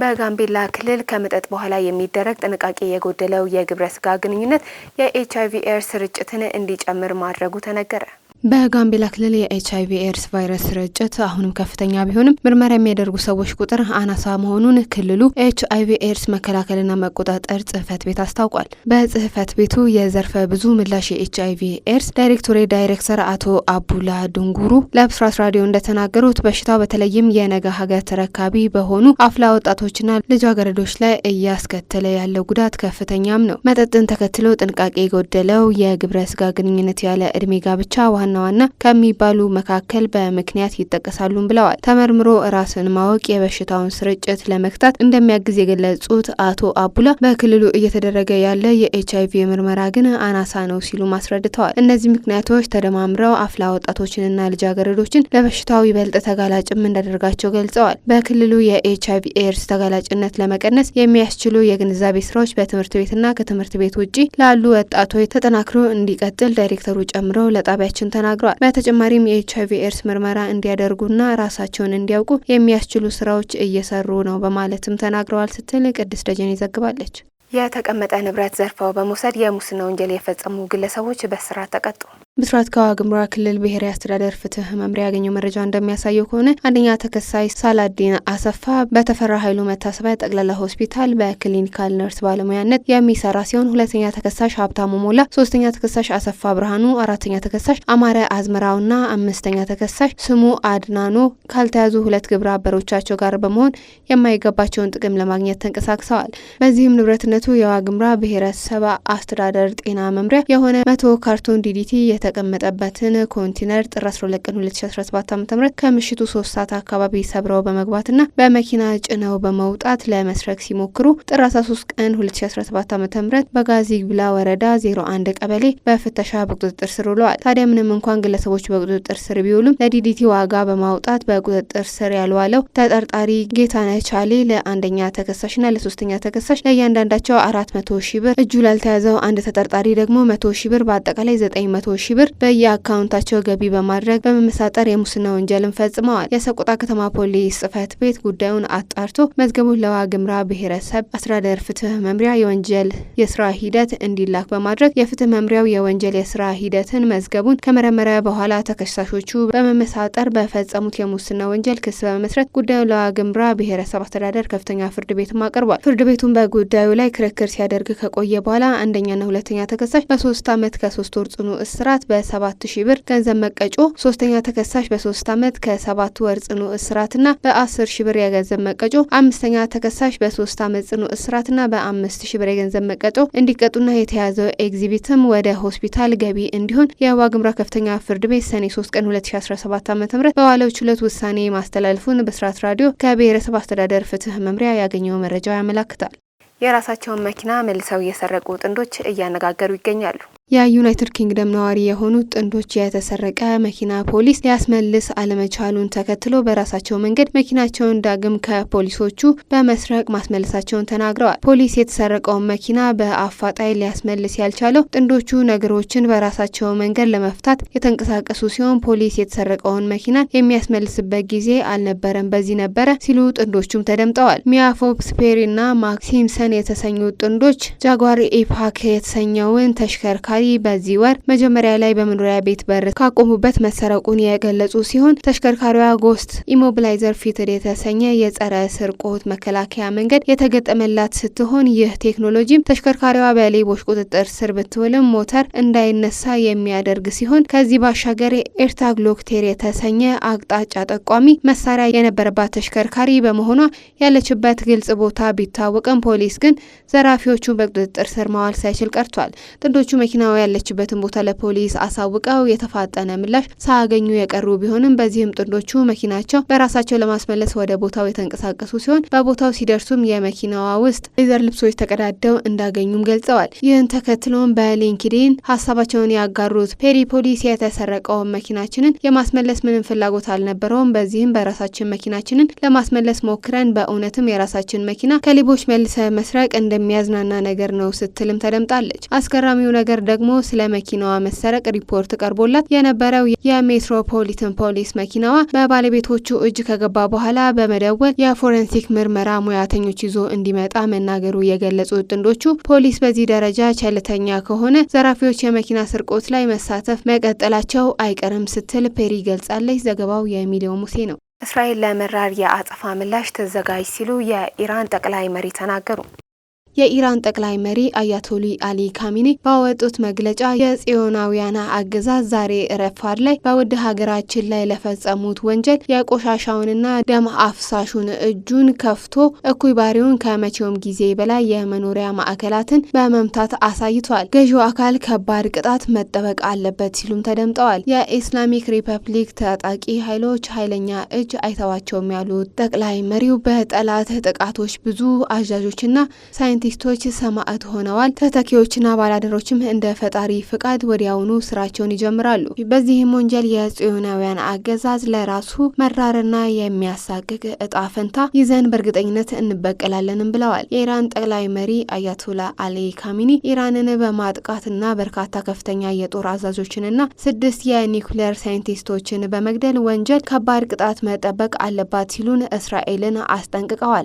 በጋምቤላ ክልል ከመጠጥ በኋላ የሚደረግ ጥንቃቄ የጎደለው የግብረ ስጋ ግንኙነት የኤች አይቪ ኤድስ ስርጭትን እንዲጨምር ማድረጉ ተነገረ። በጋምቤላ ክልል የኤች አይቪ ኤድስ ቫይረስ ስርጭት አሁንም ከፍተኛ ቢሆንም ምርመራ የሚያደርጉ ሰዎች ቁጥር አናሳ መሆኑን ክልሉ ኤች አይቪ ኤድስ መከላከልና መቆጣጠር ጽህፈት ቤት አስታውቋል። በጽህፈት ቤቱ የዘርፈ ብዙ ምላሽ የኤች አይቪ ኤድስ ዳይሬክቶሬት ዳይሬክተር አቶ አቡላ ድንጉሩ ለብስራት ራዲዮ እንደተናገሩት በሽታው በተለይም የነገ ሀገር ተረካቢ በሆኑ አፍላ ወጣቶችና ልጃገረዶች ላይ እያስከተለ ያለው ጉዳት ከፍተኛም ነው። መጠጥን ተከትሎ ጥንቃቄ የጎደለው የግብረ ስጋ ግንኙነት ያለ እድሜ ጋብቻ ዋና ዋና ዋና ከሚባሉ መካከል በምክንያት ይጠቀሳሉም ብለዋል። ተመርምሮ ራስን ማወቅ የበሽታውን ስርጭት ለመግታት እንደሚያግዝ የገለጹት አቶ አቡላ በክልሉ እየተደረገ ያለ የኤች አይቪ ምርመራ ግን አናሳ ነው ሲሉ አስረድተዋል። እነዚህ ምክንያቶች ተደማምረው አፍላ ወጣቶችንና ልጃገረዶችን ለበሽታው ይበልጥ ተጋላጭም እንዳደርጋቸው ገልጸዋል። በክልሉ የኤች አይቪ ኤድስ ተጋላጭነት ለመቀነስ የሚያስችሉ የግንዛቤ ስራዎች በትምህርት ቤትና ከትምህርት ቤት ውጭ ላሉ ወጣቶች ተጠናክሮ እንዲቀጥል ዳይሬክተሩ ጨምረው ለጣቢያችን ተናግረዋል። በተጨማሪም የኤች አይቪ ኤድስ ምርመራ እንዲያደርጉና ራሳቸውን እንዲያውቁ የሚያስችሉ ስራዎች እየሰሩ ነው በማለትም ተናግረዋል ስትል ቅድስት ደጀኔ ዘግባለች። የተቀመጠ ንብረት ዘርፈው በመውሰድ የሙስና ወንጀል የፈጸሙ ግለሰቦች በእስራት ተቀጡ። ብስራት ከዋግምራ ክልል ብሔራዊ አስተዳደር ፍትህ መምሪያ ያገኘው መረጃ እንደሚያሳየው ከሆነ አንደኛ ተከሳሽ ሳላዲን አሰፋ በተፈራ ኃይሉ መታሰቢያ ጠቅላላ ሆስፒታል በክሊኒካል ነርስ ባለሙያነት የሚሰራ ሲሆን ሁለተኛ ተከሳሽ ሀብታሙ ሞላ፣ ሶስተኛ ተከሳሽ አሰፋ ብርሃኑ፣ አራተኛ ተከሳሽ አማረ አዝመራውና አምስተኛ ተከሳሽ ስሙ አድናኖ ካልተያዙ ሁለት ግብረ አበሮቻቸው ጋር በመሆን የማይገባቸውን ጥቅም ለማግኘት ተንቀሳቅሰዋል። በዚህም ንብረትነቱ የዋግምራ ብሔረሰብ አስተዳደር ጤና መምሪያ የሆነ መቶ ካርቶን ዲዲቲ የተቀመጠበትን ኮንቲነር ጥር 12 ቀን 2017 ዓ.ም ከምሽቱ ሶስት ሰዓት አካባቢ ሰብረው በመግባትና በመኪና ጭነው በመውጣት ለመስረቅ ሲሞክሩ ጥር 13 ቀን 2017 ዓ.ም በጋዚግብላ ወረዳ 01 ቀበሌ በፍተሻ በቁጥጥር ስር ውለዋል። ታዲያ ምንም እንኳን ግለሰቦች በቁጥጥር ስር ቢውሉም ለዲዲቲ ዋጋ በማውጣት በቁጥጥር ስር ያልዋለው ተጠርጣሪ ጌታነህ ቻሌ ለአንደኛ ተከሳሽና ለሶስተኛ ተከሳሽ ለእያንዳንዳቸው አራት መቶ ሺህ ብር እጁ ላልተያዘው አንድ ተጠርጣሪ ደግሞ መቶ ሺህ ብር በአጠቃላይ ዘጠኝ መቶ ሺህ ሺህ ብር በየአካውንታቸው ገቢ በማድረግ በመመሳጠር የሙስና ወንጀልን ፈጽመዋል። የሰቆጣ ከተማ ፖሊስ ጽፈት ቤት ጉዳዩን አጣርቶ መዝገቡን ለዋግምራ ብሔረሰብ አስተዳደር ፍትህ መምሪያ የወንጀል የስራ ሂደት እንዲላክ በማድረግ የፍትህ መምሪያው የወንጀል የስራ ሂደትን መዝገቡን ከመረመረ በኋላ ተከሳሾቹ በመመሳጠር በፈጸሙት የሙስና ወንጀል ክስ በመመስረት ጉዳዩን ለዋግምራ ብሔረሰብ አስተዳደር ከፍተኛ ፍርድ ቤትም አቅርቧል። ፍርድ ቤቱም በጉዳዩ ላይ ክርክር ሲያደርግ ከቆየ በኋላ አንደኛና ሁለተኛ ተከሳሽ በሶስት ዓመት ከሶስት ወር ጽኑ እስራት ቅጣት በሰባት ሺህ ብር ገንዘብ መቀጮ፣ ሶስተኛ ተከሳሽ በሶስት ዓመት ከሰባት ወር ጽኑ እስራትና በአስር ሺህ ብር የገንዘብ መቀጮ፣ አምስተኛ ተከሳሽ በሶስት ዓመት ጽኑ እስራትና በአምስት ሺህ ብር የገንዘብ መቀጮ እንዲቀጡና የተያዘው ኤግዚቢትም ወደ ሆስፒታል ገቢ እንዲሆን የዋግምራ ከፍተኛ ፍርድ ቤት ሰኔ 3 ቀን 2017 ዓ ም በዋለው ችሎት ውሳኔ ማስተላለፉን ብስራት ራዲዮ ከብሔረሰብ አስተዳደር ፍትህ መምሪያ ያገኘው መረጃ ያመላክታል። የራሳቸውን መኪና መልሰው የሰረቁ ጥንዶች እያነጋገሩ ይገኛሉ። የዩናይትድ ኪንግደም ነዋሪ የሆኑት ጥንዶች የተሰረቀ መኪና ፖሊስ ሊያስመልስ አለመቻሉን ተከትሎ በራሳቸው መንገድ መኪናቸውን ዳግም ከፖሊሶቹ በመስረቅ ማስመለሳቸውን ተናግረዋል። ፖሊስ የተሰረቀውን መኪና በአፋጣኝ ሊያስመልስ ያልቻለው ጥንዶቹ ነገሮችን በራሳቸው መንገድ ለመፍታት የተንቀሳቀሱ ሲሆን ፖሊስ የተሰረቀውን መኪና የሚያስመልስበት ጊዜ አልነበረም፣ በዚህ ነበረ ሲሉ ጥንዶቹም ተደምጠዋል። ሚያ ፎብስ ፔሪ እና ማክ የተሰኙት ጥንዶች ጃጓር ኢፓክ የተሰኘውን ተሽከርካሪ ተሽከርካሪ በዚህ ወር መጀመሪያ ላይ በመኖሪያ ቤት በር ካቆሙበት መሰረቁን የገለጹ ሲሆን ተሽከርካሪዋ ጎስት ኢሞብላይዘር ፊትር የተሰኘ የጸረ ስርቆት መከላከያ መንገድ የተገጠመላት ስትሆን ይህ ቴክኖሎጂም ተሽከርካሪዋ በሌቦች ቁጥጥር ስር ብትውልም ሞተር እንዳይነሳ የሚያደርግ ሲሆን ከዚህ ባሻገር ኤርታግሎክቴር ሎክቴር የተሰኘ አቅጣጫ ጠቋሚ መሳሪያ የነበረባት ተሽከርካሪ በመሆኗ ያለችበት ግልጽ ቦታ ቢታወቅም ፖሊስ ግን ዘራፊዎቹ በቁጥጥር ስር ማዋል ሳይችል ቀርቷል። ጥንዶቹ መኪና ጓደኛዋ ያለችበትን ቦታ ለፖሊስ አሳውቀው የተፋጠነ ምላሽ ሳያገኙ የቀሩ ቢሆንም በዚህም ጥንዶቹ መኪናቸው በራሳቸው ለማስመለስ ወደ ቦታው የተንቀሳቀሱ ሲሆን በቦታው ሲደርሱም የመኪናዋ ውስጥ ሌዘር ልብሶች ተቀዳደው እንዳገኙም ገልጸዋል። ይህን ተከትሎም በሊንክዲን ሀሳባቸውን ያጋሩት ፔሪ ፖሊስ የተሰረቀውን መኪናችንን የማስመለስ ምንም ፍላጎት አልነበረውም። በዚህም በራሳችን መኪናችንን ለማስመለስ ሞክረን በእውነትም የራሳችን መኪና ከሌቦች መልሰ መስረቅ እንደሚያዝናና ነገር ነው ስትልም ተደምጣለች። አስገራሚው ነገር ደግሞ ደግሞ ስለ መኪናዋ መሰረቅ ሪፖርት ቀርቦላት የነበረው የሜትሮፖሊትን ፖሊስ መኪናዋ በባለቤቶቹ እጅ ከገባ በኋላ በመደወል የፎረንሲክ ምርመራ ሙያተኞች ይዞ እንዲመጣ መናገሩ የገለጹት ጥንዶቹ ፖሊስ በዚህ ደረጃ ቸልተኛ ከሆነ ዘራፊዎች የመኪና ስርቆት ላይ መሳተፍ መቀጠላቸው አይቀርም ስትል ፔሪ ገልጻለች። ዘገባው የሚሊዮን ሙሴ ነው። እስራኤል ለመራር የአጸፋ ምላሽ ተዘጋጅ ሲሉ የኢራን ጠቅላይ መሪ ተናገሩ። የኢራን ጠቅላይ መሪ አያቶሊ አሊ ካሚኒ ባወጡት መግለጫ የጽዮናውያን አገዛዝ ዛሬ ረፋድ ላይ በውድ ሀገራችን ላይ ለፈጸሙት ወንጀል የቆሻሻውንና ደም አፍሳሹን እጁን ከፍቶ እኩይ ባሪውን ከመቼውም ጊዜ በላይ የመኖሪያ ማዕከላትን በመምታት አሳይቷል። ገዢው አካል ከባድ ቅጣት መጠበቅ አለበት ሲሉም ተደምጠዋል። የኢስላሚክ ሪፐብሊክ ታጣቂ ኃይሎች ኃይለኛ እጅ አይተዋቸውም ያሉት ጠቅላይ መሪው በጠላት ጥቃቶች ብዙ አዛዦችና ሳይንት ሳይንቲስቶች ሰማዕት ሆነዋል። ተተኪዎችና ባላደሮችም እንደ ፈጣሪ ፍቃድ ወዲያውኑ ስራቸውን ይጀምራሉ። በዚህም ወንጀል የጽዮናውያን አገዛዝ ለራሱ መራርና የሚያሳቅቅ እጣ ፈንታ ይዘን በእርግጠኝነት እንበቀላለንም ብለዋል። የኢራን ጠቅላይ መሪ አያቶላ አሊ ካሚኒ ኢራንን በማጥቃትና በርካታ ከፍተኛ የጦር አዛዦችንና ስድስት የኒኩሌር ሳይንቲስቶችን በመግደል ወንጀል ከባድ ቅጣት መጠበቅ አለባት ሲሉን እስራኤልን አስጠንቅቀዋል።